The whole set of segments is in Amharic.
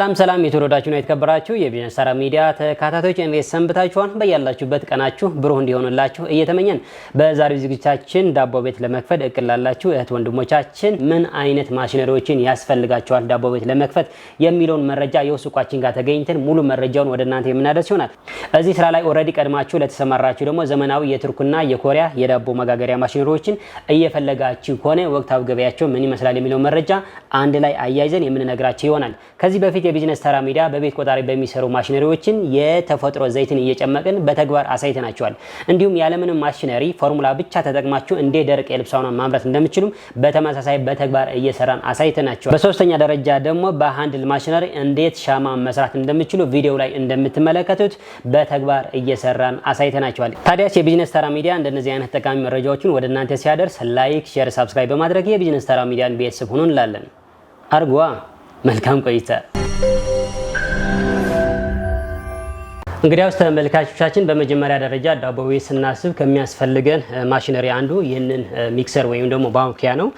ሰላም ሰላም የተወደዳችሁና የተከበራችሁ የቢዝነስ ሳራ ሚዲያ ተከታታዮች እንዴት ሰንብታችኋል? በያላችሁበት ቀናችሁ ብሩህ እንዲሆንላችሁ እየተመኘን በዛሬው ዝግጅታችን ዳቦ ቤት ለመክፈት እቅድ ላላችሁ እህት ወንድሞቻችን ምን አይነት ማሽነሪዎችን ያስፈልጋቸዋል ዳቦ ቤት ለመክፈት የሚለውን መረጃ የውስቋችን ጋር ተገኝተን ሙሉ መረጃውን ወደ እናንተ የምናደርስ ይሆናል። እዚህ ስራ ላይ ኦልሬዲ ቀድማችሁ ለተሰማራችሁ ደግሞ ዘመናዊ የቱርክና የኮሪያ የዳቦ መጋገሪያ ማሽነሪዎችን እየፈለጋችሁ ከሆነ ወቅታዊ ገበያቸው ምን ይመስላል የሚለው መረጃ አንድ ላይ አያይዘን የምንነግራቸው ይሆናል ከዚህ በፊት የቢዝነስ ተራ ሚዲያ በቤት ቆጣሪ በሚሰሩ ማሽነሪዎችን የተፈጥሮ ዘይትን እየጨመቅን በተግባር አሳይተናቸዋል። እንዲሁም ያለምንም ማሽነሪ ፎርሙላ ብቻ ተጠቅማችሁ እንዴት ደረቅ የልብስ ሳሙና ማምረት እንደምችሉም በተመሳሳይ በተግባር እየሰራን አሳይተናቸዋል። በሶስተኛ ደረጃ ደግሞ በሃንድል ማሽነሪ እንዴት ሻማ መስራት እንደምችሉ ቪዲዮ ላይ እንደምትመለከቱት በተግባር እየሰራን አሳይተናቸዋል። ታዲያስ የቢዝነስ ተራ ሚዲያ እንደነዚህ አይነት ጠቃሚ መረጃዎችን ወደ እናንተ ሲያደርስ ላይክ፣ ሼር፣ ሳብስክራይብ በማድረግ የቢዝነስ ተራ ሚዲያን ቤተሰብ ሆኖ እንላለን። አርጓ መልካም ቆይታ እንግዲያውስ ተመልካቾቻችን በመጀመሪያ ደረጃ ዳቦ ቤት ስናስብ ከሚያስፈልገን ማሽነሪ አንዱ ይህንን ሚክሰር ወይም ደግሞ ባንኪያ ነው።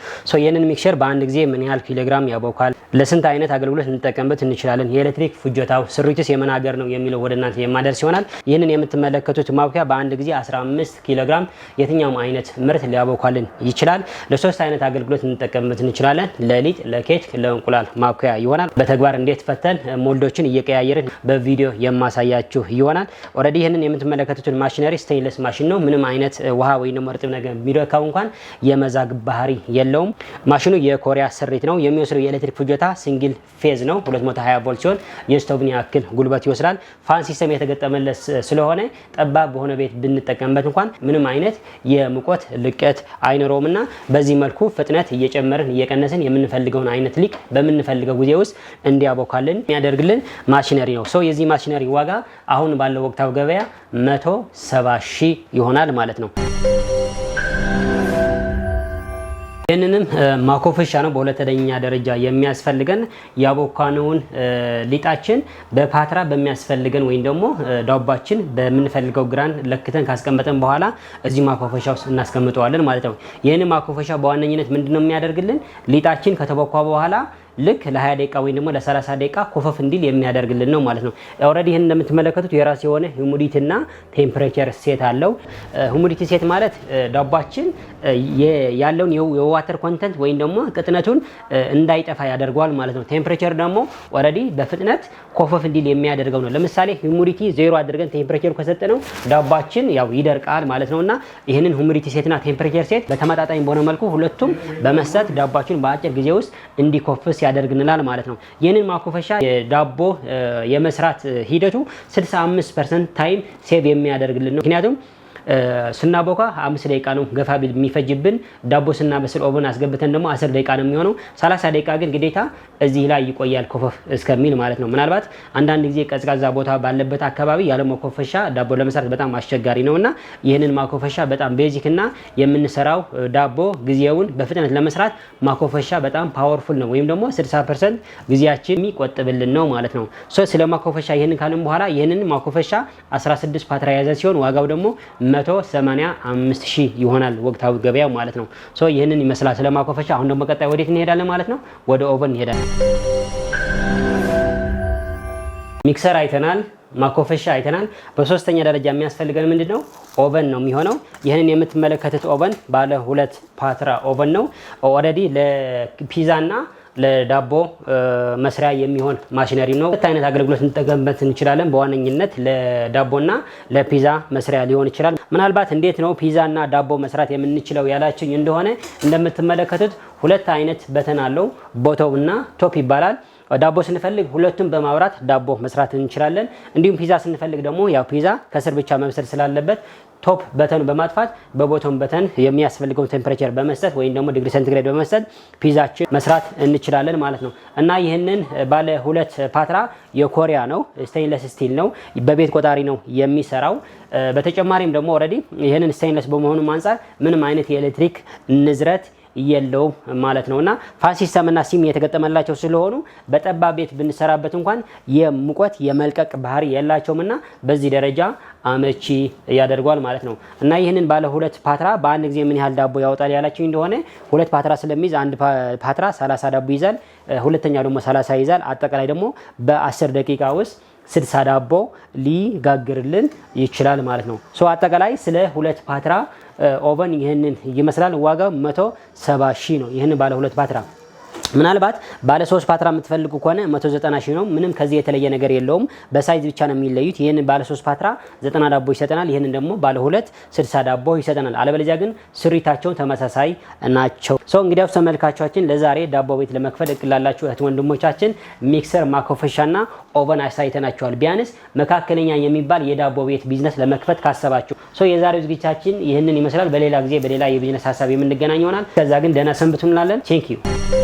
ይህንን ሚክሰር በአንድ ጊዜ ምን ያህል ኪሎግራም ያቦካል፣ ለስንት አይነት አገልግሎት እንጠቀምበት እንችላለን፣ የኤሌክትሪክ ፍጆታው ስሪቱስ የመናገር ነው የሚለው ወደ እናንተ የማደርስ ይሆናል። ይህንን የምትመለከቱት ማቡኪያ በአንድ ጊዜ 15 ኪሎግራም የትኛውም አይነት ምርት ሊያቦካልን ይችላል። ለሶስት አይነት አገልግሎት እንጠቀምበት እንችላለን። ለሊጥ፣ ለኬክ፣ ለእንቁላል ማቡኪያ ይሆናል። በተግባር እንዴት ፈተን ሞልዶችን እየቀያየርን በቪዲዮ የማሳያችሁ ይሆናል። ኦልሬዲ ይህንን የምትመለከቱትን ማሽነሪ ስቴንለስ ማሽን ነው። ምንም አይነት uh, ውሃ ወይም እርጥብ ነገር የሚደካው እንኳን የመዛግ ባህሪ የለውም። ማሽኑ የኮሪያ ስሪት ነው። የሚወስደው የኤሌክትሪክ ፍጆታ ሲንግል ፌዝ ነው 220 ቮልት ሲሆን የስቶቭን ያክል ጉልበት ይወስዳል። ፋን ሲስተም የተገጠመለት uh, ስለሆነ ጠባብ በሆነ ቤት ብንጠቀምበት እንኳን ምንም አይነት የሙቀት ልቀት አይኖረውም እና በዚህ መልኩ ፍጥነት እየጨመርን እየቀነስን የምንፈልገውን አይነት ሊቅ በምንፈልገው ጊዜ ውስጥ እንዲያቦካልን የሚያደርግልን ማሽነሪ ነው። ሰው የዚህ ማሽነሪ ዋጋ አሁን አሁን ባለው ወቅታዊ ገበያ 170 ሺህ ይሆናል ማለት ነው። ይህንንም ማኮፈሻ ነው በሁለተኛ ደረጃ የሚያስፈልገን። ያቦካነውን ሊጣችን በፓትራ በሚያስፈልገን ወይም ደግሞ ዳባችን በምንፈልገው ግራን ለክተን ካስቀመጠን በኋላ እዚህ ማኮፈሻ ውስጥ እናስቀምጠዋለን ማለት ነው። ይህን ማኮፈሻ በዋነኝነት ምንድነው የሚያደርግልን? ሊጣችን ከተቦኳ በኋላ ልክ ለ20 ደቂቃ ወይም ደግሞ ለ30 ደቂቃ ኮፈፍ እንዲል የሚያደርግልን ነው ማለት ነው። ኦልሬዲ ይህን እንደምትመለከቱት የራስ የሆነ ሁሙዲቲ እና ቴምፕሬቸር ሴት አለው። ሁሙዲቲ ሴት ማለት ዳቧችን ያለውን የዋተር ኮንተንት ወይም ደግሞ ቅጥነቱን እንዳይጠፋ ያደርገዋል ማለት ነው። ቴምፕሬቸር ደግሞ ኦልሬዲ በፍጥነት ኮፈፍ እንዲል የሚያደርገው ነው። ለምሳሌ ሁሙዲቲ ዜሮ አድርገን ቴምፕሬቸር ከሰጠነው ዳቧችን ያው ይደርቃል ማለት እና ይህንን ሁሙዲቲ ሴትና ቴምፕሬቸር ሴት በተመጣጣኝ በሆነ መልኩ ሁለቱም በመስጠት ዳቧችን በአጭር ጊዜ ውስጥ እንዲኮፍስ ያደርግንላል ማለት ነው። ይህንን ማኮፈሻ የዳቦ የመስራት ሂደቱ 65 ፐርሰንት ታይም ሴቭ የሚያደርግልን ነው ምክንያቱም ስናቦካ አምስት ደቂቃ ነው ገፋ ቢል የሚፈጅብን። ዳቦ ስናበስል ኦቨን አስገብተን ደግሞ አስር ደቂቃ ነው የሚሆነው። ሰላሳ ደቂቃ ግን ግዴታ እዚህ ላይ ይቆያል ኮፈፍ እስከሚል ማለት ነው። ምናልባት አንዳንድ ጊዜ ቀዝቃዛ ቦታ ባለበት አካባቢ ያለ መኮፈሻ ዳቦ ለመስራት በጣም አስቸጋሪ ነው እና ይህንን ማኮፈሻ በጣም ቤዚክ እና የምንሰራው ዳቦ ጊዜውን በፍጥነት ለመስራት ማኮፈሻ በጣም ፓወርፉል ነው ወይም ደግሞ 60 ፐርሰንት ጊዜያችን የሚቆጥብልን ነው ማለት ነው። ስለ ማኮፈሻ ይህንን ካልን በኋላ ይህንን ማኮፈሻ 16 ፓትራ የያዘ ሲሆን ዋጋው ደግሞ 185 ሺህ ይሆናል ወቅታዊ ገበያው ማለት ነው። ሶ ይህንን ይመስላል ስለ ማኮፈሻ። አሁን ደግሞ ቀጣይ ወዴት እንሄዳለን ማለት ነው? ወደ ኦቨን እንሄዳለን። ሚክሰር አይተናል፣ ማኮፈሻ አይተናል። በሶስተኛ ደረጃ የሚያስፈልገን ምንድን ነው? ኦቨን ነው የሚሆነው። ይህንን የምትመለከቱት ኦቨን ባለ ሁለት ፓትራ ኦቨን ነው። ኦልሬዲ ለፒዛና ለዳቦ መስሪያ የሚሆን ማሽነሪ ነው። ሁለት አይነት አገልግሎት እንጠቀምበት እንችላለን። በዋነኝነት ለዳቦና ለፒዛ መስሪያ ሊሆን ይችላል። ምናልባት እንዴት ነው ፒዛና ዳቦ መስራት የምንችለው ያላችኝ እንደሆነ እንደምትመለከቱት ሁለት አይነት በተን አለው። ቦቶም እና ቶፕ ይባላል። ዳቦ ስንፈልግ ሁለቱን በማብራት ዳቦ መስራት እንችላለን። እንዲሁም ፒዛ ስንፈልግ ደግሞ ያው ፒዛ ከስር ብቻ መብሰል ስላለበት ቶፕ በተኑ በማጥፋት በቦቶም በተን የሚያስፈልገውን ቴምፕሬቸር በመስጠት ወይም ደግሞ ዲግሪ ሴንቲግሬድ በመስጠት ፒዛችን መስራት እንችላለን ማለት ነው እና ይህንን ባለ ሁለት ፓትራ የኮሪያ ነው። ስቴንለስ ስቲል ነው። በቤት ቆጣሪ ነው የሚሰራው። በተጨማሪም ደግሞ ኦልሬዲ ይህንን ስቴንለስ በመሆኑም አንጻር ምንም አይነት የኤሌክትሪክ ንዝረት የለውም ማለት ነው እና ፋን ሲም የተገጠመላቸው ስለሆኑ በጠባብ ቤት ብንሰራበት እንኳን የሙቀት የመልቀቅ ባህሪ የላቸውም እና በዚህ ደረጃ አመቺ ያደርጓል ማለት ነው እና ይህንን ባለ ሁለት ፓትራ በአንድ ጊዜ ምን ያህል ዳቦ ያወጣል ያላቸው እንደሆነ ሁለት ፓትራ ስለሚይዝ አንድ ፓትራ 30 ዳቦ ይዛል፣ ሁለተኛው ደግሞ 30 ይዛል። አጠቃላይ ደግሞ በ10 ደቂቃ ውስጥ ስድሳ ዳቦ ሊጋግርልን ይችላል ማለት ነው። ሶ አጠቃላይ ስለ ሁለት ፓትራ ኦቨን ይህንን ይመስላል። ዋጋው መቶ ሰባ ሺህ ነው። ይህን ባለ ሁለት ባትራ ምናልባት ባለ ሶስት ፓትራ የምትፈልጉ ከሆነ 190 ሺህ ነው። ምንም ከዚህ የተለየ ነገር የለውም። በሳይዝ ብቻ ነው የሚለዩት። ይህን ባለ ሶስት ፓትራ 90 ዳቦ ይሰጠናል። ይህንን ደግሞ ባለ ሁለት 60 ዳቦ ይሰጠናል። አለበለዚያ ግን ስሪታቸው ተመሳሳይ ናቸው። ሰው ውስጥ ተመልካቾቻችን ለዛሬ ዳቦ ቤት ለመክፈል እቅላላችሁ እህት ወንድሞቻችን ሚክሰር፣ ና ኦቨን አሳይተናቸዋል። ቢያንስ መካከለኛ የሚባል የዳቦ ቤት ቢዝነስ ለመክፈት ካሰባችሁ ሰው የዛሬው ዝግጅታችን ይህንን ይመስላል። በሌላ ጊዜ በሌላ የቢዝነስ ሀሳብ የምንገናኝ ይሆናል። ከዛ ግን ደህና ሰንብቱ እንላለን። ቴንክ ዩ